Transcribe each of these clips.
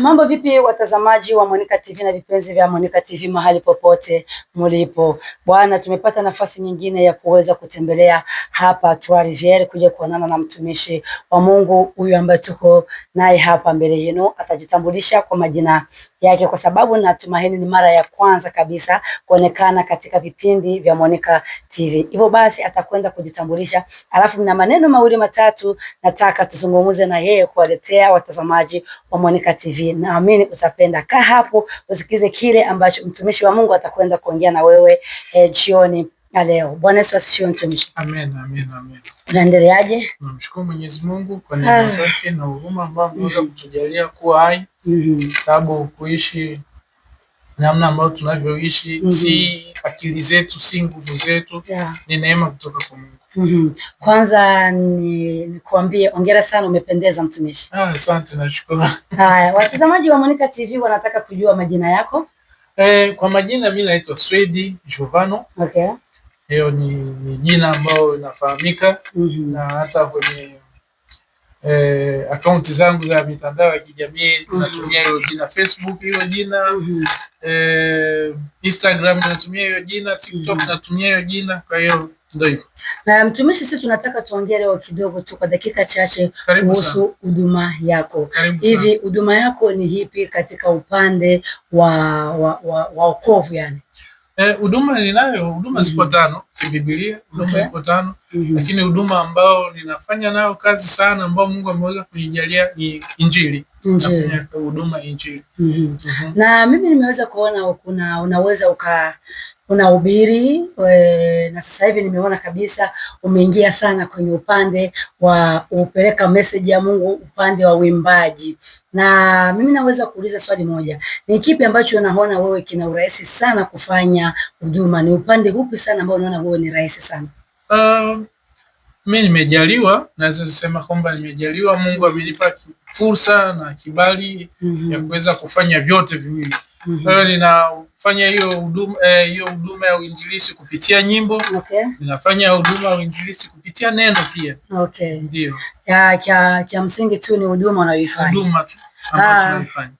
Mambo vipi watazamaji wa Monica TV na vipenzi vya Monica TV mahali popote mlipo Bwana, tumepata nafasi nyingine ya kuweza kutembelea hapa Trois Rivieres kuja kuonana na mtumishi wa Mungu huyu ambaye tuko naye hapa mbele yenu, atajitambulisha kwa majina yake kwa sababu natumaini ni mara ya kwanza kabisa kuonekana katika vipindi vya Monica TV. Hivyo basi atakwenda kujitambulisha, alafu na maneno mawili matatu nataka tuzungumze na yeye kuwaletea watazamaji wa Monica TV hivi, naamini utapenda. Kaa hapo usikize kile ambacho mtumishi wa Mungu atakwenda kuongea na wewe eh, jioni ya leo. Bwana Yesu asifiwe mtumishi. Amen, amen, amen. Unaendeleaje? Namshukuru Mwenyezi Mungu kwa neema ah. zake na huruma ambayo ameweza mm. kutujalia kuwa hai, mm-hmm. sababu kuishi namna ambayo tunavyoishi mm -hmm. si akili zetu, si nguvu zetu yeah. ni neema kutoka kwa Mungu. Mm -hmm. Kwanza nikuambie ni ongera sana, umependeza mtumishi. Ah, asante, nashukuru. Haya, watazamaji wa Monica TV wanataka kujua majina yako. Eh, kwa majina mimi naitwa Swedi Jovano. Okay. Hiyo ni, ni jina ambayo inafahamika mm -hmm. na hata kwenye eh, akaunti zangu za mitandao ya kijamii tunatumia hiyo jina Facebook, hiyo jina eh, Instagram tunatumia hiyo jina, TikTok tunatumia hiyo jina, kwa hiyo na mtumishi, sisi tunataka tuongee leo kidogo tu kwa dakika chache kuhusu huduma yako. Hivi huduma yako ni hipi katika upande wa wa, wa, wa okovu yani? Eh, huduma ninayo huduma mm -hmm. zipo tano kibibilia Marko mhm. tano, mhm. lakini huduma ambao ninafanya nayo kazi sana ambao Mungu ameweza kunijalia ni injili, huduma injili. Mhm. Na mimi nimeweza kuona kuna unaweza uka unahubiri na sasa hivi nimeona kabisa umeingia sana kwenye upande wa upeleka meseji ya Mungu, upande wa uimbaji. Na mimi naweza kuuliza swali moja, ni kipi ambacho unaona wewe kina urahisi sana kufanya huduma? Ni upande upi sana ambao unaona au ni rahisi sana? Uh, ah, mi nimejaliwa, naweza kusema kwamba nimejaliwa, Mungu amenipa fursa na kibali mm -hmm. ya kuweza kufanya vyote viwili mm kwa hiyo -hmm. ninafanya hiyo huduma eh, hiyo huduma ya uinjilisti kupitia nyimbo okay. ninafanya huduma ya uinjilisti kupitia neno pia okay. Ndio. Ya, kya, kya msingi tu ni huduma unayoifanya. Huduma tu ah, ambayo tunaifanya.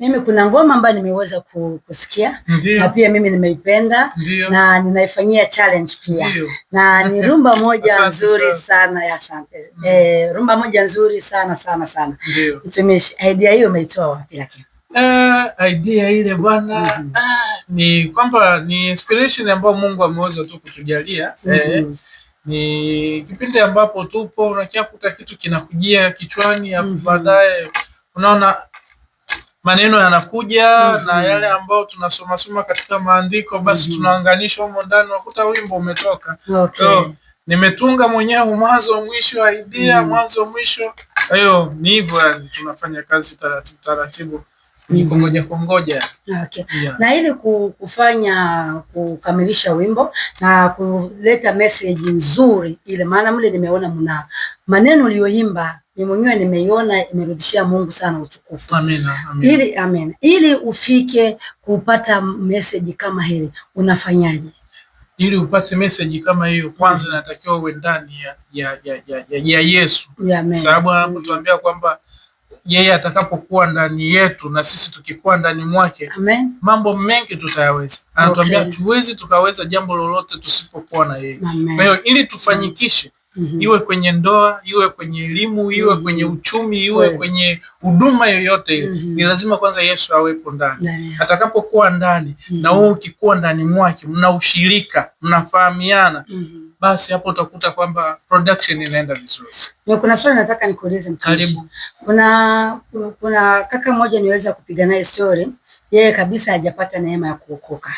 Mimi kuna ngoma ambayo nimeweza kusikia na pia mimi nimeipenda na ninaifanyia challenge pia na ni rumba moja nzuri sana ya asante eh, mm. E, rumba moja nzuri sana sana sana. Mtumishi, idea hiyo umeitoa wapi lakini? Uh, idea ile bwana mm -hmm. uh, ni kwamba ni inspiration ambayo Mungu ameweza tu kutujalia mm -hmm. eh, mhm. ni kipindi ambapo tupo unakiakuta kitu kinakujia kichwani afu mm -hmm. baadaye unaona maneno yanakuja mm -hmm. na yale ambayo tunasomasoma katika maandiko basi mm -hmm. tunaunganisha humo ndani, wakuta wimbo umetoka. Okay. So, nimetunga mwenyewe mwanzo mwisho wa idea mm. mwanzo mwisho. hiyo ni hivyo, yani tunafanya kazi taratibu taratibu ni kungoja kungoja. Okay. Yeah. Na ili kufanya kukamilisha wimbo na kuleta message nzuri ile, maana mle nimeona mna maneno uliyoimba ni mwenyewe nimeiona, imerudishia Mungu sana utukufu. Amen, amina. Ili, amen. Ili ufike kupata meseji kama hili unafanyaje? Ili upate meseji kama hiyo, kwanza natakiwa uwe ndani ya, ya, ya, ya, ya, ya Yesu, sababu anapotuambia kwamba yeye atakapokuwa ndani yetu na sisi tukikuwa ndani mwake, Amen. Mambo mengi tutayaweza. Anatuambia okay. Tuwezi tukaweza jambo lolote tusipokuwa na yeye. Kwa hiyo ili tufanyikishe -hmm. iwe kwenye ndoa, iwe kwenye elimu, iwe mm -hmm. kwenye uchumi, iwe well. kwenye huduma yoyote mm -hmm. ni lazima kwanza Yesu awepo ndani yeah. atakapokuwa ndani mm -hmm. na wewe ukikuwa ndani mwake, mna ushirika, mnafahamiana mm -hmm. basi hapo utakuta kwamba production inaenda vizuri. Kuna swali nataka nikuulize mtumishi. Kuna, kuna kaka mmoja niweza kupiga naye story, yeye kabisa hajapata neema ya kuokoka,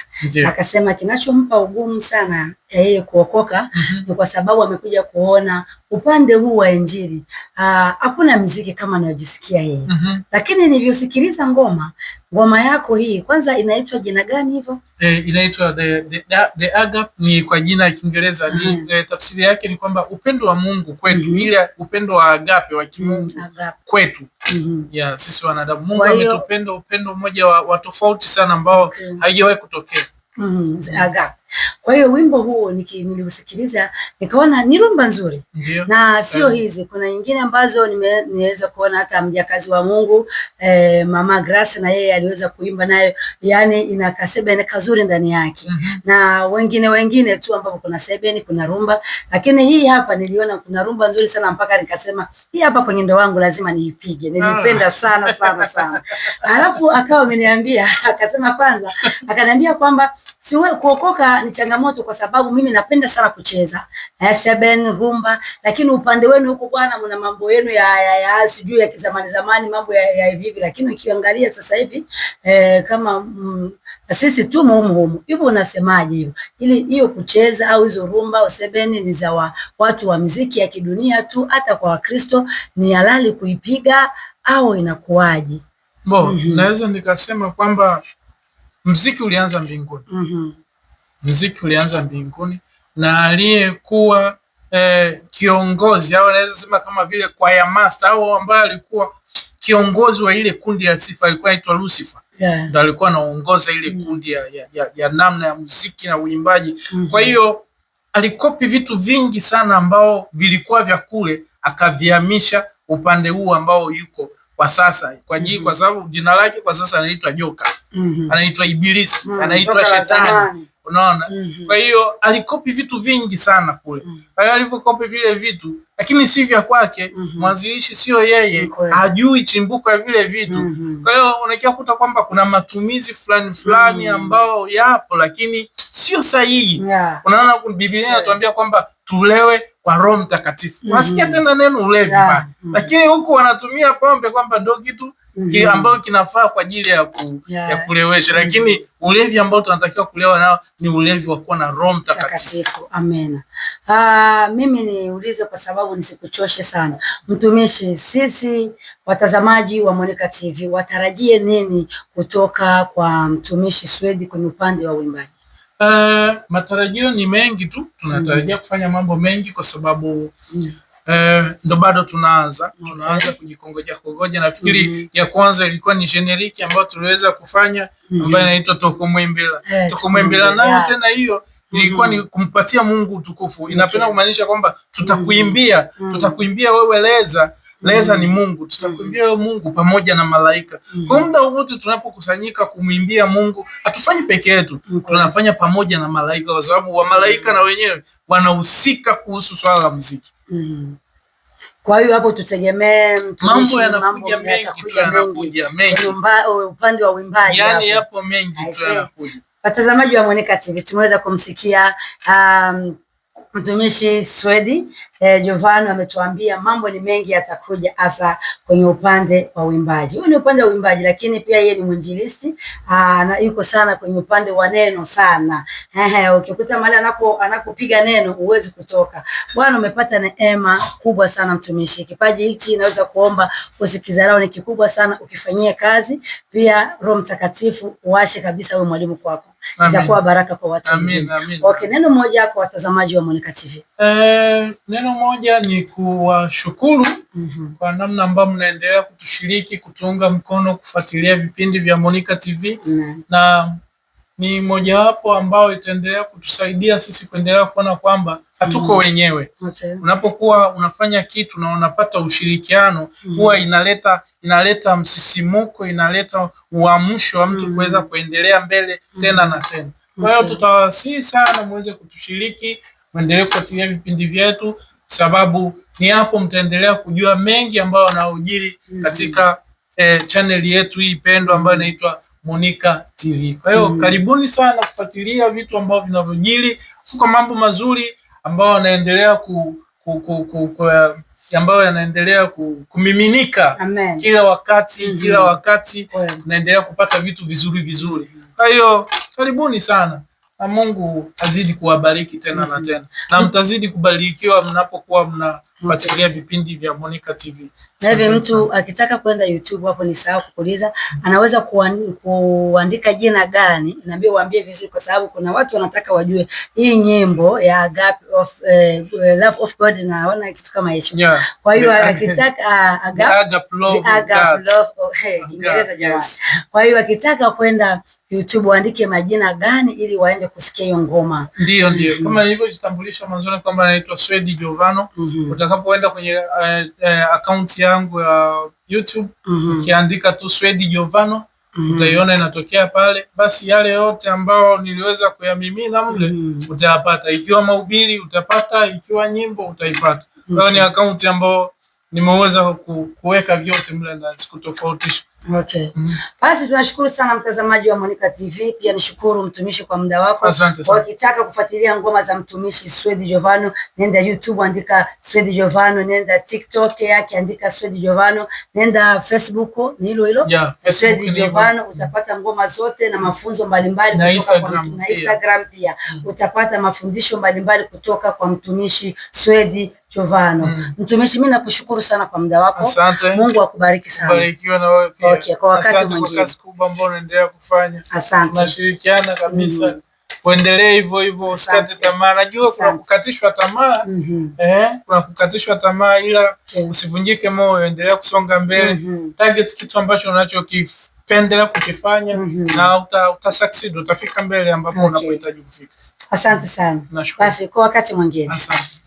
akasema kinachompa ugumu sana eh, kuokoka ni kwa sababu amekuja kuona upande huu wa Injili. Ah, hakuna mziki kama anayojisikia yeye, lakini nilivyosikiliza ngoma ngoma yako hii, kwanza inaitwa jina gani hivyo? Eh, inaitwa the, the, the Agape ni kwa jina ya Kiingereza. mm -hmm. Eh, tafsiri yake ni kwamba upendo wa Mungu kwetu. mm -hmm. Ile upendo wa agape wa Kimungu mm -hmm. kwetu mm -hmm. ya sisi wanadamu. Mungu ametupenda upendo mmoja wa, wa tofauti sana ambao okay. haijawahi kutokea. mm -hmm. Agape kwa hiyo wimbo huo niliusikiliza nikaona ni rumba nzuri Ndiyo. na sio uh eh. -huh. hizi, kuna nyingine ambazo nimeweza kuona hata mjakazi wa Mungu eh, mama Grace na yeye aliweza kuimba nayo, yani ina kasebeni kazuri ndani yake uh mhm. -huh. na wengine wengine tu ambapo kuna sebeni kuna rumba, lakini hii hapa niliona kuna rumba nzuri sana mpaka nikasema hii hapa kwenye ndo wangu lazima niipige, nilipenda ah. sana sana sana alafu akawa ameniambia akasema kwanza akaniambia kwamba siwe kuokoka ni changamoto kwa sababu mimi napenda sana kucheza eh, seven rumba, lakini upande wenu huko bwana, mna mambo yenu ya ya, ya sijui ya kizamani zamani, mambo ya, ya hivi, lakini ukiangalia sasa hivi eh, kama mm, sisi tu humu humu hivyo. Unasemaje hivyo, ili hiyo kucheza au hizo rumba au seven ni za wa, watu wa muziki ya kidunia tu, hata kwa Wakristo ni halali kuipiga au inakuwaje? Bo, mm -hmm. Naweza nikasema kwamba mziki ulianza mbinguni. mm -hmm mziki ulianza mbinguni na aliyekuwa eh, kiongozi au naweza sema kama vile kwaya master au ambaye alikuwa kiongozi wa ile kundi ya sifa alikuwa aitwa Lucifer ndo yeah. alikuwa anaongoza ile mm. kundi ya, ya, ya ya namna ya muziki na uimbaji mm -hmm. Kwa hiyo alikopi vitu vingi sana ambao vilikuwa vya kule akavihamisha upande huu ambao yuko kwa sasa kwa ajili mm -hmm. kwa sababu jina lake kwa sasa anaitwa joka mm -hmm. anaitwa ibilisi mm -hmm. anaitwa shetani unaona mm -hmm. Kwa hiyo alikopi vitu vingi sana kule mm -hmm. Kwa hiyo alivyokopi vile vitu, lakini si vya kwake mm -hmm. Mwanzilishi sio yeye okay. Hajui chimbuko ya vile vitu mm -hmm. Kwa hiyo unakia kuta kwamba kuna matumizi fulani fulani mm -hmm. ambao yapo, lakini sio sahihi yeah. Unaona Biblia inatuambia yeah. kwamba tulewe kwa Roho Mtakatifu. mm -hmm. tena neno ulevi yeah. mm -hmm. Lakini huku wanatumia pombe kwamba ndio kitu mm -hmm. ambayo kinafaa kwa ajili ya, ku, yeah. ya kulewesha mm -hmm. Lakini mm-hmm. ulevi ambao tunatakiwa kulewa nao ni ulevi wa kuwa na Roho Mtakatifu. Amen. Ah, mimi niulize kwa sababu nisikuchoshe sana mtumishi, sisi watazamaji wa Monica TV watarajie nini kutoka kwa mtumishi Swedi kwenye upande wa uimbaji? Uh, matarajio ni mengi tu, tunatarajia mm. kufanya mambo mengi kwa sababu mm. uh, ndo bado tunaanza tunaanza kujikongoja kongoja. Nafikiri mm. ya kwanza ilikuwa ni generiki ambayo tuliweza kufanya mm-hmm. ambayo inaitwa Tokomwembela eh, Tokomwembela nayo tena hiyo ilikuwa ni kumpatia Mungu utukufu, inapenda kumaanisha kwamba tutakuimbia, tutakuimbia wewe leza Leza mm. ni Mungu, tutamwimbia wewe mm. Mungu pamoja na malaika. Mm. Kwa muda wote tunapokusanyika kumwimbia Mungu, hatufanyi peke yetu, tunafanya pamoja na malaika, kwa sababu wa malaika na wenyewe wanahusika kuhusu swala la muziki. Kwa hiyo hapo tutegemee mambo yanakuja mengi tu, yanakuja mengi upande wa uimbaji, yani yapo mengi tu yanakuja. Watazamaji wa Monica TV tumeweza kumsikia um, mtumishi Swedi eh, Jovano ametuambia mambo ni mengi yatakuja, hasa kwenye upande wa uimbaji. Huyu ni upande wa uimbaji, lakini pia yeye ni mwinjilisti ah, na yuko sana kwenye upande wa neno sana. Ehe, ukikuta mahali anapo anakupiga neno huwezi kutoka. Bwana, umepata neema kubwa sana mtumishi. Kipaji hichi naweza kuomba usikizarau, ni kikubwa sana, ukifanyia kazi. Pia Roho Mtakatifu uwashe kabisa wewe mwalimu kwako itakuwa baraka kwa watu wengine. Okay, neno moja kwa watazamaji wa Monica TV. Eh, neno Eneo moja ni kuwashukuru mm -hmm. kwa namna ambayo mnaendelea kutushiriki, kutuunga mkono, kufuatilia vipindi vya Monica TV mm -hmm. na ni mojawapo ambao itaendelea kutusaidia sisi kuendelea kuona kwamba hatuko mhm. wenyewe okay. Unapokuwa unafanya kitu na unapata ushirikiano mm. huwa inaleta inaleta msisimuko, inaleta uamsho wa mtu mm. kuweza kuendelea mbele mm. tena na tena. Kwa hiyo okay. tutawasihi sana muweze kutushiriki, muendelee kufuatilia vipindi vyetu sababu ni hapo mtaendelea kujua mengi ambayo wanaojiri mm-hmm. katika eh, chaneli yetu hii pendwa ambayo inaitwa Monica TV. Kwa hiyo mm-hmm. karibuni sana kufuatilia vitu ambavyo vinavyojiri, kwa mambo mazuri ambayo yanaendelea ku, ku, ku, ku, ku ambayo yanaendelea kumiminika Amen. Kila wakati mm -hmm. Kila mm-hmm. wakati naendelea kupata vitu vizuri vizuri, kwa hiyo karibuni sana na Mungu azidi kuwabariki tena mm -hmm. na mm-hmm. tena na mtazidi kubarikiwa mnapokuwa mnafuatilia vipindi vya Monica TV na hivi mtu akitaka kwenda YouTube hapo ni sawa kukuliza, anaweza kuandika jina gani, naambia uambie vizuri, kwa sababu kuna watu wanataka wajue hii nyimbo ya Agape of, eh, Love of God na wana kitu kama hicho yeah. Kwa hiyo akitaka uh, Love, hey, Kiingereza jamani, kwa hiyo akitaka kwenda YouTube waandike majina gani ili waende kusikia hiyo ngoma. Ndio, ndio mm -hmm. Kama hivyo jitambulisha mwanzoni kwamba anaitwa Swedi Giovano. mm -hmm. Utakapoenda kwenye uh, uh, account ya yangu ya YouTube mhm. ukiandika mm -hmm. tu Swedi Jovano mm -hmm. utaiona inatokea pale. Basi yale yote ambayo niliweza kuyamimina mle mm -hmm. utayapata, ikiwa mahubiri utapata, ikiwa nyimbo utaipata. Kwa ni akaunti ambayo nimeweza kuweka vyote mle na sikutofautisha. Okay. Mm -hmm. Basi tunashukuru sana mtazamaji wa Monica TV, pia nishukuru mtumishi kwa muda wako. Wakitaka kufuatilia ngoma za mtumishi Swedi Jovano, nenda YouTube andika Swedi Jovano, nenda TikTok yake andika Swedi Jovano, nenda Facebook ni hilo hilo. Yeah, Swedi Jovano mm. utapata ngoma zote na mafunzo mbalimbali na kutoka Instagram, kwa na Instagram pia. Mm -hmm. Utapata mafundisho mbalimbali kutoka kwa mtumishi Swedi Jovano. Mm. Mtumishi, mimi nakushukuru sana kwa muda wako. Asante. Mungu akubariki sana. Barikiwa na wewe pia. Okay, kwa wakati mwingine. Asante Kwa kazi kubwa ambayo unaendelea kufanya. Asante. Tunashirikiana kabisa. Mm. Mm-hmm. Uendelee hivyo hivyo, usikate tamaa. Najua kuna kukatishwa tamaa. Mm -hmm. Eh, kuna kukatishwa tamaa ila yeah, usivunjike moyo, endelea kusonga mbele. Mm -hmm. Target kitu ambacho unachokipendelea kukifanya mm -hmm. na uta, uta succeed, utafika mbele ambapo okay, unapohitaji kufika. Asante sana. Basi kwa wakati mwingine. Asante.